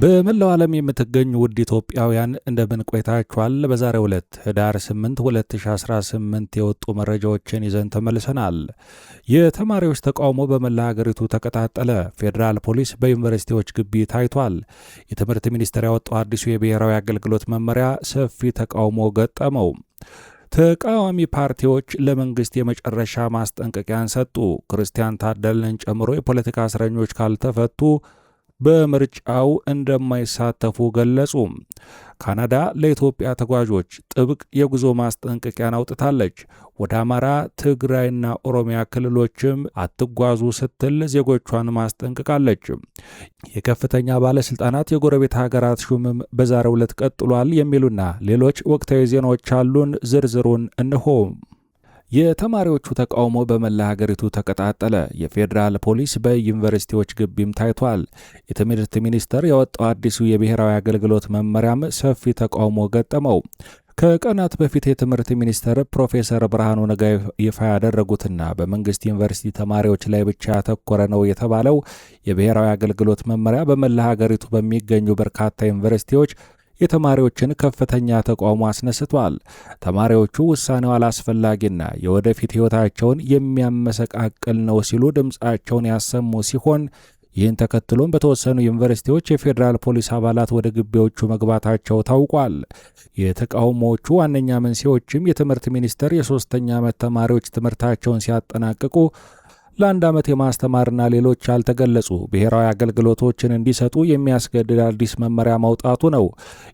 በመላው ዓለም የምትገኙ ውድ ኢትዮጵያውያን እንደምን ቆይታችኋል? በዛሬ ሁለት ህዳር 8 2018 የወጡ መረጃዎችን ይዘን ተመልሰናል። የተማሪዎች ተቃውሞ በመላ ሀገሪቱ ተቀጣጠለ። ፌዴራል ፖሊስ በዩኒቨርሲቲዎች ግቢ ታይቷል። የትምህርት ሚኒስቴር ያወጣው አዲሱ የብሔራዊ አገልግሎት መመሪያ ሰፊ ተቃውሞ ገጠመው። ተቃዋሚ ፓርቲዎች ለመንግስት የመጨረሻ ማስጠንቀቂያን ሰጡ። ክርስቲያን ታደልን ጨምሮ የፖለቲካ እስረኞች ካልተፈቱ በምርጫው እንደማይሳተፉ ገለጹ። ካናዳ ለኢትዮጵያ ተጓዦች ጥብቅ የጉዞ ማስጠንቀቂያን አውጥታለች። ወደ አማራ፣ ትግራይና ኦሮሚያ ክልሎችም አትጓዙ ስትል ዜጎቿን ማስጠንቅቃለች። የከፍተኛ ባለስልጣናት የጎረቤት ሀገራት ሹምም በዛሬው ዕለት ቀጥሏል የሚሉና ሌሎች ወቅታዊ ዜናዎች አሉን። ዝርዝሩን እንሆም የተማሪዎቹ ተቃውሞ በመላ ሀገሪቱ ተቀጣጠለ። የፌዴራል ፖሊስ በዩኒቨርሲቲዎች ግቢም ታይቷል። የትምህርት ሚኒስቴር ያወጣው አዲሱ የብሔራዊ አገልግሎት መመሪያም ሰፊ ተቃውሞ ገጠመው። ከቀናት በፊት የትምህርት ሚኒስቴር ፕሮፌሰር ብርሃኑ ነጋ ይፋ ያደረጉትና በመንግስት ዩኒቨርሲቲ ተማሪዎች ላይ ብቻ ያተኮረ ነው የተባለው የብሔራዊ አገልግሎት መመሪያ በመላ ሀገሪቱ በሚገኙ በርካታ ዩኒቨርሲቲዎች የተማሪዎችን ከፍተኛ ተቃውሞ አስነስቷል። ተማሪዎቹ ውሳኔው አላስፈላጊና የወደፊት ሕይወታቸውን የሚያመሰቃቅል ነው ሲሉ ድምፃቸውን ያሰሙ ሲሆን ይህን ተከትሎም በተወሰኑ ዩኒቨርሲቲዎች የፌዴራል ፖሊስ አባላት ወደ ግቢዎቹ መግባታቸው ታውቋል። የተቃውሞዎቹ ዋነኛ መንስኤዎችም የትምህርት ሚኒስቴር የሶስተኛ ዓመት ተማሪዎች ትምህርታቸውን ሲያጠናቅቁ ለአንድ ዓመት የማስተማርና ሌሎች ያልተገለጹ ብሔራዊ አገልግሎቶችን እንዲሰጡ የሚያስገድድ አዲስ መመሪያ ማውጣቱ ነው።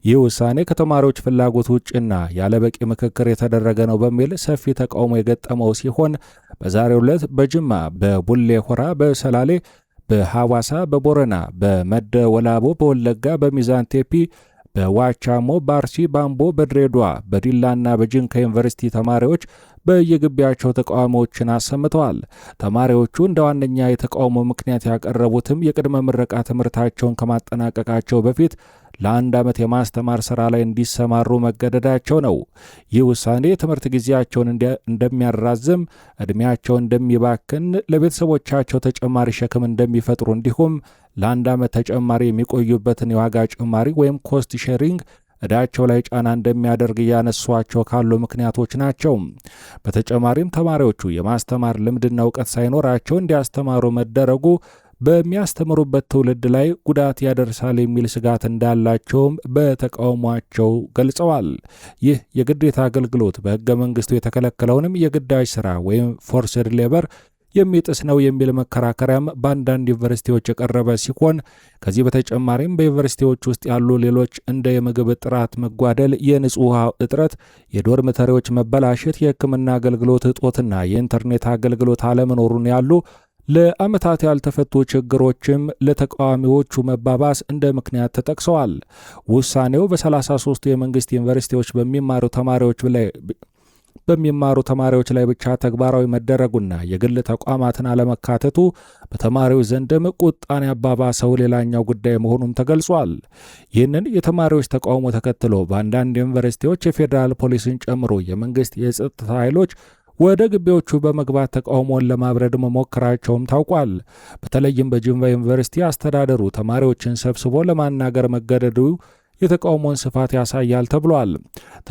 ይህ ውሳኔ ከተማሪዎች ፍላጎት ውጭና ያለበቂ ምክክር የተደረገ ነው በሚል ሰፊ ተቃውሞ የገጠመው ሲሆን በዛሬው ዕለት በጅማ፣ በቡሌ ሆራ፣ በሰላሌ፣ በሐዋሳ፣ በቦረና፣ በመደወላቦ፣ በወለጋ፣ በሚዛን ቴፒ በዋቻሞ፣ በአርሲ፣ ባምቦ፣ በድሬዳዋ፣ በዲላና በጂንካ ዩኒቨርሲቲ ተማሪዎች በየግቢያቸው ተቃውሞዎችን አሰምተዋል። ተማሪዎቹ እንደ ዋነኛ የተቃውሞ ምክንያት ያቀረቡትም የቅድመ ምረቃ ትምህርታቸውን ከማጠናቀቃቸው በፊት ለአንድ ዓመት የማስተማር ሥራ ላይ እንዲሰማሩ መገደዳቸው ነው። ይህ ውሳኔ የትምህርት ጊዜያቸውን እንደሚያራዝም፣ ዕድሜያቸው እንደሚባክን፣ ለቤተሰቦቻቸው ተጨማሪ ሸክም እንደሚፈጥሩ እንዲሁም ለአንድ ዓመት ተጨማሪ የሚቆዩበትን የዋጋ ጭማሪ ወይም ኮስት ሼሪንግ ዕዳቸው ላይ ጫና እንደሚያደርግ እያነሷቸው ካሉ ምክንያቶች ናቸው። በተጨማሪም ተማሪዎቹ የማስተማር ልምድና እውቀት ሳይኖራቸው እንዲያስተማሩ መደረጉ በሚያስተምሩበት ትውልድ ላይ ጉዳት ያደርሳል የሚል ስጋት እንዳላቸውም በተቃውሟቸው ገልጸዋል። ይህ የግዴታ አገልግሎት በሕገ መንግሥቱ የተከለከለውንም የግዳጅ ሥራ ወይም ፎርስድ ሌበር የሚጥስ ነው የሚል መከራከሪያም በአንዳንድ ዩኒቨርሲቲዎች የቀረበ ሲሆን ከዚህ በተጨማሪም በዩኒቨርሲቲዎች ውስጥ ያሉ ሌሎች እንደ የምግብ ጥራት መጓደል፣ የንጹህ ውሃ እጥረት፣ የዶርምተሪዎች መበላሸት፣ የሕክምና አገልግሎት እጦትና የኢንተርኔት አገልግሎት አለመኖሩን ያሉ ለዓመታት ያልተፈቱ ችግሮችም ለተቃዋሚዎቹ መባባስ እንደ ምክንያት ተጠቅሰዋል። ውሳኔው በ33 የመንግስት ዩኒቨርሲቲዎች በሚማሩ ተማሪዎች ላይ በሚማሩ ተማሪዎች ላይ ብቻ ተግባራዊ መደረጉና የግል ተቋማትን አለመካተቱ በተማሪዎች ዘንድም ቁጣን ያባባሰው ሌላኛው ጉዳይ መሆኑም ተገልጿል። ይህንን የተማሪዎች ተቃውሞ ተከትሎ በአንዳንድ ዩኒቨርሲቲዎች የፌዴራል ፖሊስን ጨምሮ የመንግስት የጸጥታ ኃይሎች ወደ ግቢዎቹ በመግባት ተቃውሞን ለማብረድ መሞከራቸውም ታውቋል። በተለይም በጂንቫ ዩኒቨርሲቲ አስተዳደሩ ተማሪዎችን ሰብስቦ ለማናገር መገደዱ የተቃውሞን ስፋት ያሳያል ተብሏል።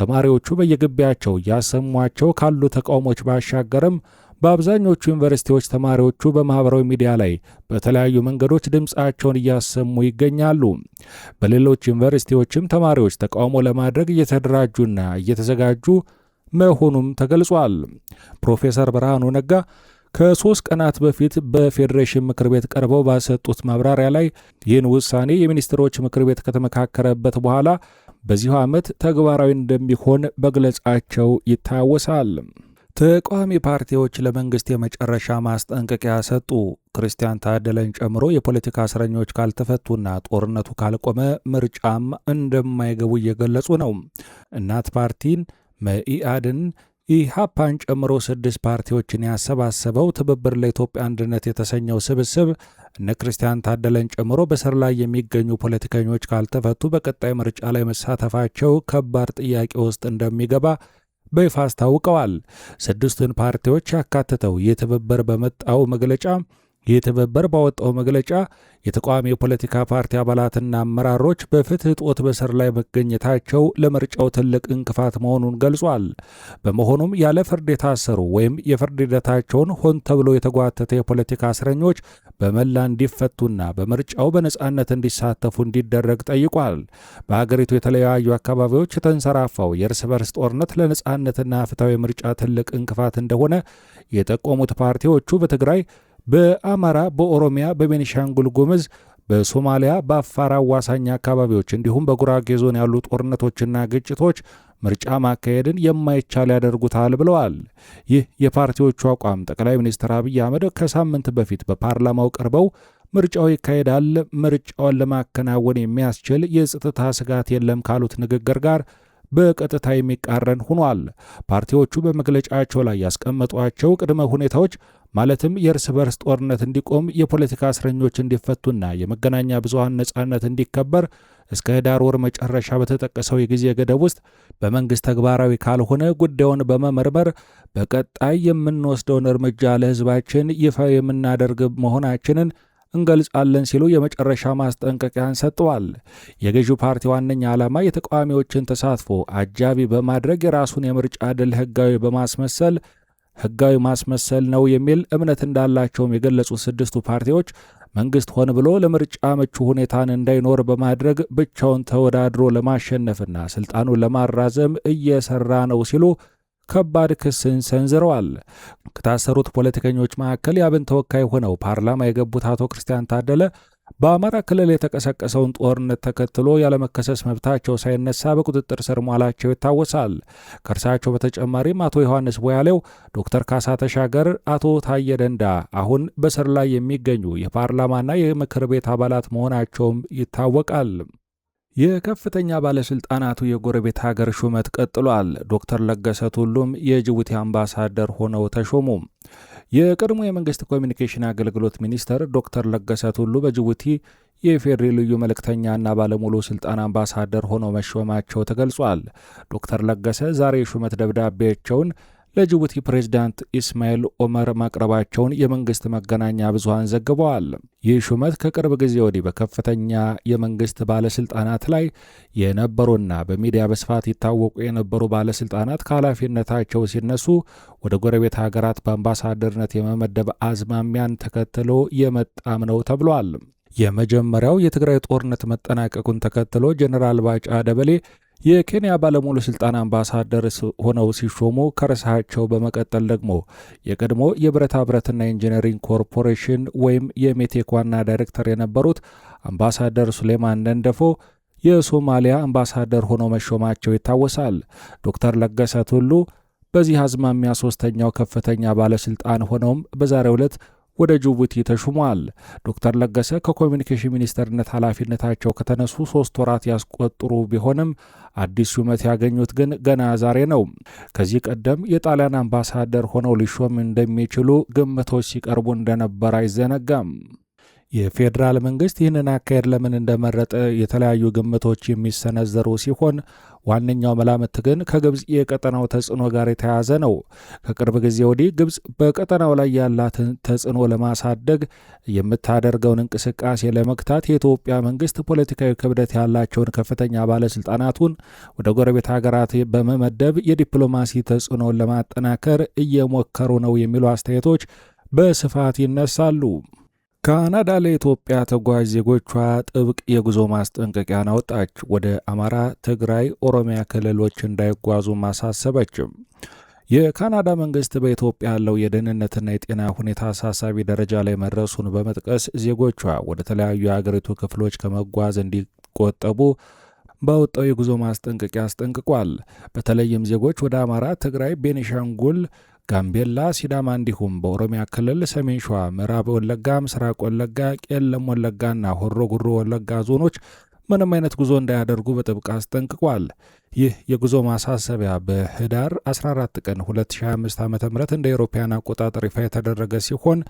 ተማሪዎቹ በየግቢያቸው እያሰሟቸው ካሉ ተቃውሞች ባሻገርም በአብዛኞቹ ዩኒቨርሲቲዎች ተማሪዎቹ በማኅበራዊ ሚዲያ ላይ በተለያዩ መንገዶች ድምፃቸውን እያሰሙ ይገኛሉ። በሌሎች ዩኒቨርሲቲዎችም ተማሪዎች ተቃውሞ ለማድረግ እየተደራጁና እየተዘጋጁ መሆኑም ተገልጿል። ፕሮፌሰር ብርሃኑ ነጋ ከሶስት ቀናት በፊት በፌዴሬሽን ምክር ቤት ቀርበው ባሰጡት ማብራሪያ ላይ ይህን ውሳኔ የሚኒስትሮች ምክር ቤት ከተመካከረበት በኋላ በዚሁ ዓመት ተግባራዊ እንደሚሆን መግለጻቸው ይታወሳል። ተቃዋሚ ፓርቲዎች ለመንግስት የመጨረሻ ማስጠንቀቂያ ሰጡ። ክርስቲያን ታደለን ጨምሮ የፖለቲካ እስረኞች ካልተፈቱና ጦርነቱ ካልቆመ ምርጫም እንደማይገቡ እየገለጹ ነው። እናት ፓርቲን መኢአድን ኢሃፓን ጨምሮ ስድስት ፓርቲዎችን ያሰባሰበው ትብብር ለኢትዮጵያ አንድነት የተሰኘው ስብስብ እነ ክርስቲያን ታደለን ጨምሮ በስር ላይ የሚገኙ ፖለቲከኞች ካልተፈቱ በቀጣይ ምርጫ ላይ መሳተፋቸው ከባድ ጥያቄ ውስጥ እንደሚገባ በይፋ አስታውቀዋል። ስድስቱን ፓርቲዎች ያካትተው ይህ ትብብር በመጣው መግለጫ ይህ ትብብር ባወጣው መግለጫ የተቃዋሚ የፖለቲካ ፓርቲ አባላትና አመራሮች በፍትህ እጦት በስር ላይ መገኘታቸው ለምርጫው ትልቅ እንቅፋት መሆኑን ገልጿል። በመሆኑም ያለ ፍርድ የታሰሩ ወይም የፍርድ ሂደታቸውን ሆን ተብሎ የተጓተተ የፖለቲካ እስረኞች በመላ እንዲፈቱና በምርጫው በነፃነት እንዲሳተፉ እንዲደረግ ጠይቋል። በሀገሪቱ የተለያዩ አካባቢዎች የተንሰራፋው የእርስ በርስ ጦርነት ለነፃነትና ፍትሐዊ ምርጫ ትልቅ እንቅፋት እንደሆነ የጠቆሙት ፓርቲዎቹ በትግራይ በአማራ፣ በኦሮሚያ፣ በቤኒሻንጉል ጉምዝ በሶማሊያ በአፋር አዋሳኝ አካባቢዎች እንዲሁም በጉራጌ ዞን ያሉ ጦርነቶችና ግጭቶች ምርጫ ማካሄድን የማይቻል ያደርጉታል ብለዋል። ይህ የፓርቲዎቹ አቋም ጠቅላይ ሚኒስትር አብይ አህመድ ከሳምንት በፊት በፓርላማው ቀርበው ምርጫው ይካሄዳል፣ ምርጫውን ለማከናወን የሚያስችል የጸጥታ ስጋት የለም ካሉት ንግግር ጋር በቀጥታ የሚቃረን ሆኗል። ፓርቲዎቹ በመግለጫቸው ላይ ያስቀመጧቸው ቅድመ ሁኔታዎች ማለትም የእርስ በርስ ጦርነት እንዲቆም፣ የፖለቲካ እስረኞች እንዲፈቱና የመገናኛ ብዙሃን ነጻነት እንዲከበር እስከ ህዳር ወር መጨረሻ በተጠቀሰው የጊዜ ገደብ ውስጥ በመንግሥት ተግባራዊ ካልሆነ ጉዳዩን በመመርመር በቀጣይ የምንወስደውን እርምጃ ለሕዝባችን ይፋ የምናደርግ መሆናችንን እንገልጻለን ሲሉ የመጨረሻ ማስጠንቀቂያን ሰጥተዋል። የገዢው ፓርቲ ዋነኛ ዓላማ የተቃዋሚዎችን ተሳትፎ አጃቢ በማድረግ የራሱን የምርጫ ድል ህጋዊ በማስመሰል ህጋዊ ማስመሰል ነው የሚል እምነት እንዳላቸውም የገለጹት ስድስቱ ፓርቲዎች መንግስት ሆን ብሎ ለምርጫ ምቹ ሁኔታን እንዳይኖር በማድረግ ብቻውን ተወዳድሮ ለማሸነፍና ስልጣኑን ለማራዘም እየሰራ ነው ሲሉ ከባድ ክስን ሰንዝረዋል። ከታሰሩት ፖለቲከኞች መካከል የአብን ተወካይ ሆነው ፓርላማ የገቡት አቶ ክርስቲያን ታደለ በአማራ ክልል የተቀሰቀሰውን ጦርነት ተከትሎ ያለመከሰስ መብታቸው ሳይነሳ በቁጥጥር ስር መዋላቸው ይታወሳል። ከእርሳቸው በተጨማሪም አቶ ዮሐንስ ቦያሌው፣ ዶክተር ካሳ ተሻገር፣ አቶ ታየ ደንዳ አሁን በስር ላይ የሚገኙ የፓርላማና የምክር ቤት አባላት መሆናቸውም ይታወቃል። የከፍተኛ ባለስልጣናቱ የጎረቤት ሀገር ሹመት ቀጥሏል። ዶክተር ለገሰ ቱሉም የጅቡቲ አምባሳደር ሆነው ተሾሙ። የቀድሞ የመንግስት ኮሚኒኬሽን አገልግሎት ሚኒስተር ዶክተር ለገሰ ቱሉ በጅቡቲ የኢፌዴሪ ልዩ መልእክተኛና ባለሙሉ ስልጣን አምባሳደር ሆነው መሾማቸው ተገልጿል። ዶክተር ለገሰ ዛሬ የሹመት ደብዳቤያቸውን ለጅቡቲ ፕሬዝዳንት ኢስማኤል ኦመር ማቅረባቸውን የመንግሥት መገናኛ ብዙሃን ዘግበዋል። ይህ ሹመት ከቅርብ ጊዜ ወዲህ በከፍተኛ የመንግሥት ባለሥልጣናት ላይ የነበሩና በሚዲያ በስፋት ይታወቁ የነበሩ ባለሥልጣናት ከኃላፊነታቸው ሲነሱ ወደ ጎረቤት ሀገራት በአምባሳደርነት የመመደብ አዝማሚያን ተከትሎ የመጣም ነው ተብሏል። የመጀመሪያው የትግራይ ጦርነት መጠናቀቁን ተከትሎ ጀኔራል ባጫ ደበሌ የኬንያ ባለሙሉ ስልጣን አምባሳደር ሆነው ሲሾሙ ከርሳቸው በመቀጠል ደግሞ የቀድሞ የብረታ ብረትና ኢንጂነሪንግ ኮርፖሬሽን ወይም የሜቴክ ዋና ዳይሬክተር የነበሩት አምባሳደር ሱሌማን ደንደፎ የሶማሊያ አምባሳደር ሆኖ መሾማቸው ይታወሳል። ዶክተር ለገሰ ቱሉ በዚህ አዝማሚያ ሶስተኛው ከፍተኛ ባለስልጣን ሆነውም በዛሬው ዕለት ወደ ጅቡቲ ተሹሟል። ዶክተር ለገሰ ከኮሚኒኬሽን ሚኒስተርነት ኃላፊነታቸው ከተነሱ ሶስት ወራት ያስቆጥሩ ቢሆንም አዲስ ሹመት ያገኙት ግን ገና ዛሬ ነው። ከዚህ ቀደም የጣሊያን አምባሳደር ሆነው ሊሾም እንደሚችሉ ግምቶች ሲቀርቡ እንደነበር አይዘነጋም። የፌዴራል መንግስት ይህንን አካሄድ ለምን እንደመረጠ የተለያዩ ግምቶች የሚሰነዘሩ ሲሆን ዋነኛው መላምት ግን ከግብፅ የቀጠናው ተጽዕኖ ጋር የተያያዘ ነው። ከቅርብ ጊዜ ወዲህ ግብፅ በቀጠናው ላይ ያላትን ተጽዕኖ ለማሳደግ የምታደርገውን እንቅስቃሴ ለመግታት የኢትዮጵያ መንግስት ፖለቲካዊ ክብደት ያላቸውን ከፍተኛ ባለስልጣናቱን ወደ ጎረቤት ሀገራት በመመደብ የዲፕሎማሲ ተጽዕኖን ለማጠናከር እየሞከሩ ነው የሚሉ አስተያየቶች በስፋት ይነሳሉ። ካናዳ ለኢትዮጵያ ተጓዥ ዜጎቿ ጥብቅ የጉዞ ማስጠንቀቂያን አወጣች። ወደ አማራ፣ ትግራይ፣ ኦሮሚያ ክልሎች እንዳይጓዙ ማሳሰበችም። የካናዳ መንግስት በኢትዮጵያ ያለው የደህንነትና የጤና ሁኔታ አሳሳቢ ደረጃ ላይ መድረሱን በመጥቀስ ዜጎቿ ወደ ተለያዩ የአገሪቱ ክፍሎች ከመጓዝ እንዲቆጠቡ ባወጣው የጉዞ ማስጠንቀቂያ አስጠንቅቋል። በተለይም ዜጎች ወደ አማራ፣ ትግራይ፣ ቤኒሻንጉል ጋምቤላ፣ ሲዳማ እንዲሁም በኦሮሚያ ክልል ሰሜን ሸዋ፣ ምዕራብ ወለጋ፣ ምስራቅ ወለጋ፣ ቄለም ወለጋና ሆሮ ጉሮ ወለጋ ዞኖች ምንም አይነት ጉዞ እንዳያደርጉ በጥብቅ አስጠንቅቋል። ይህ የጉዞ ማሳሰቢያ በህዳር 14 ቀን 2025 ዓ ም እንደ አውሮፓውያን አቆጣጠር ይፋ የተደረገ ሲሆን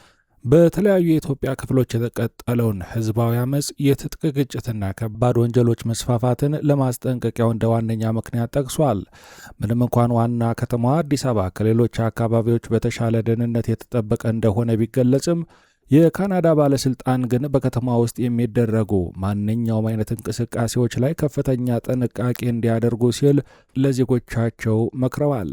በተለያዩ የኢትዮጵያ ክፍሎች የተቀጠለውን ህዝባዊ አመፅ፣ የትጥቅ ግጭትና ከባድ ወንጀሎች መስፋፋትን ለማስጠንቀቂያው እንደ ዋነኛ ምክንያት ጠቅሷል። ምንም እንኳን ዋና ከተማዋ አዲስ አበባ ከሌሎች አካባቢዎች በተሻለ ደህንነት የተጠበቀ እንደሆነ ቢገለጽም የካናዳ ባለስልጣን ግን በከተማ ውስጥ የሚደረጉ ማንኛውም አይነት እንቅስቃሴዎች ላይ ከፍተኛ ጥንቃቄ እንዲያደርጉ ሲል ለዜጎቻቸው መክረዋል።